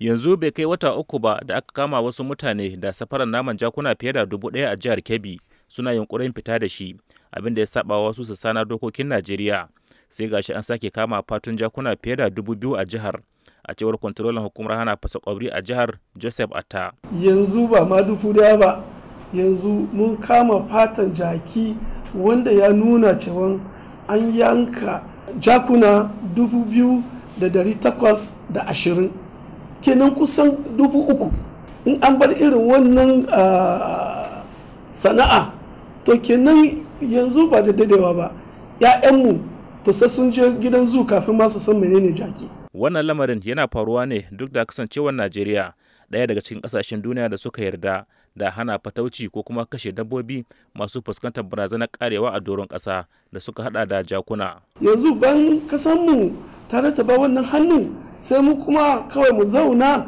yanzu bai kai wata uku ba da aka kama wasu mutane da safarar naman jakuna fiye da dubu ɗaya a jihar kebbi suna yunkurin fita da shi abin da ya saba wasu su sana dokokin najeriya sai gashi an sake kama fatun jakuna fiye da dubu biyu a jihar a cewar kwantarolin hukumar hana fasa kwabri a jihar joseph atta yanzu ba ma dubu daya ba yanzu mun kama fatan jaki wanda ya nuna cewa an yanka jakuna dubu biyu da ɗari takwas da ashirin kenan kusan dubu uku in an bar irin wannan ah, sana'a to kenan yanzu ba da dadewa ba 'ya'yanmu to sai sun je gidan zu kafin ma su san menene jaki wannan lamarin yana faruwa ne duk da kasancewar najeriya daya daga cikin kasashen duniya da suka yarda da hana fatauci ko kuma kashe dabbobi masu fuskantar barazanar karewa a doron kasa da suka hada da jakuna yanzu ban kasanmu tare ta ba wannan hannu sai mu kuma kawai mu zauna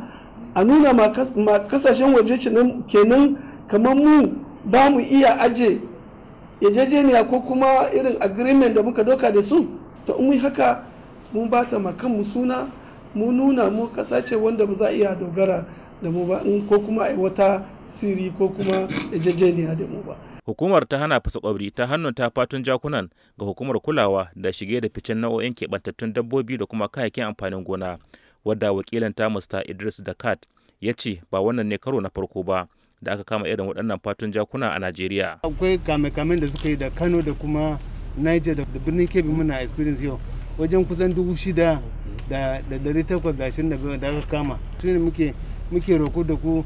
a nuna ma kasashen waje kenan kamar mu ba mu iya aje yajejeniya ko kuma irin agreement da muka doka da su ta umu haka mun bata ma kanmu suna mu nuna mu kasa ce wanda ba za a iya dogara da mu ba ko kuma wata siri ko kuma yajejeniya da mu ba Hukumar ta hana fasa kwabri ta hannunta fatun jakunan ga hukumar kulawa da shige da ficen nau'o'in keɓantattun dabbobi da kuma kayayyakin amfanin gona, wadda wakilin ta musta Idris Dakat ya ce ba wannan ne karo na farko ba da aka kama irin waɗannan fatun jakuna a Najeriya. Akwai kame-kamen da suka yi da Kano da kuma Niger da birnin Kebbi muna experience yau wajen kusan dubu shida da ɗari takwas da ashirin da aka kama. Su ne muke roko da ku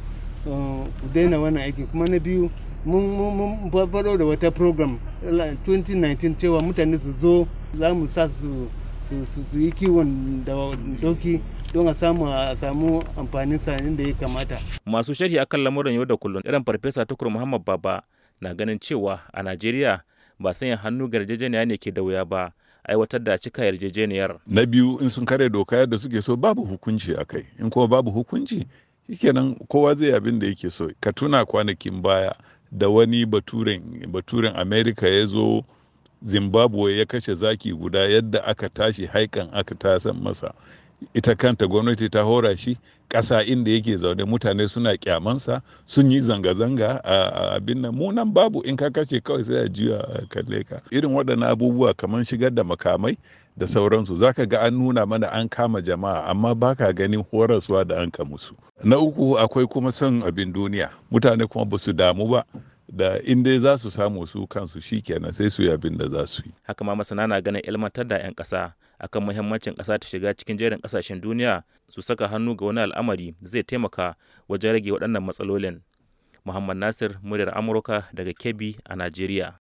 daina wannan aiki kuma na biyu mun faɗo da wata program 2019 cewa mutane su zo za mu sa su yi kiwon da doki don a samu a amfanin sanin da ya kamata. Masu sharhi akan lamuran yau da kullum irin farfesa tukur Muhammad Baba na ganin cewa a Najeriya ba sanya hannu ga yarjejeniya ne ke da wuya ba aiwatar da cika yarjejeniyar. Na biyu in sun kare doka yadda suke so babu hukunci a in kuma babu hukunci shikenan kowa zai abin da yake so ka tuna kwanakin baya da wani baturen baturen america ya zo zimbabwe ya kashe zaki guda yadda aka tashi haikan aka tasan masa ita kanta gwamnati ta hora shi ƙasa inda yake zaune mutane suna kyamansa sun yi zanga-zanga a abin nan munan babu in ka kashe kawai sai a juya kalle ka irin waɗannan abubuwa kamar shigar da makamai da sauransu za ka ga an nuna mana an kama jama'a amma baka ganin horaswa da an musu na uku akwai kuma son abin duniya mutane kuma ba su damu ba da in dai za su samu su kansu shikenan sai su yi abin da za su yi haka ma masana na ganin ilmantar da 'yan ƙasa akan muhimmancin ƙasa ta shiga cikin jerin kasashen duniya su saka hannu ga wani al'amari da zai taimaka wajen rage waɗannan matsalolin muhammad nasir muryar amurka daga kebbi a najeriya